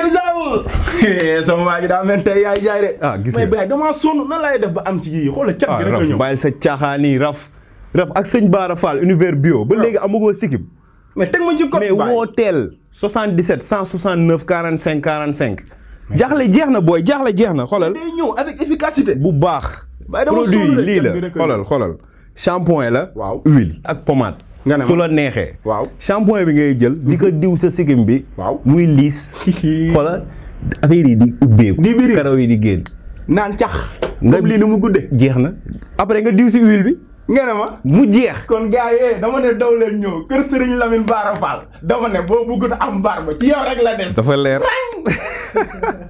Kézaaw. Eh, sama waa ji daa mel tey yaay jaay de. ah gis nga mais damaa sonn nan laay def ba am ci yii xoolal cat ah, gi rek la sa caaxaan yi raf raf ak sëñ Baara Fall univers bio. ba ah. léegi amugoo sikib. mais teg ma ci code mais wooteel 77 169 45 45. jaaxle jeex na booy jaaxle jeex na xoolal. day ñëw avec efficacité. bu baax. produit lii la xoolal xoolal. shampoing la. waaw huile ak pommade. nga ne su la neexee. waaw shampoing bi ngay jël. di ko mhm. diw sa sikkim bi. waaw muy liis. xoolal affaire yi di ubbeeku. di biri karaw yi di génn. naan cax. nga lii ni mu guddee. jeex na après nga diw si huile bi. nga ne ma mu jeex. kon gars yi eh, dama ne daw leen ñëw kër Serigne Lamine Bara Fall dama ne boo bëggut am mbaar ba ci yow rek la des. dafa leer.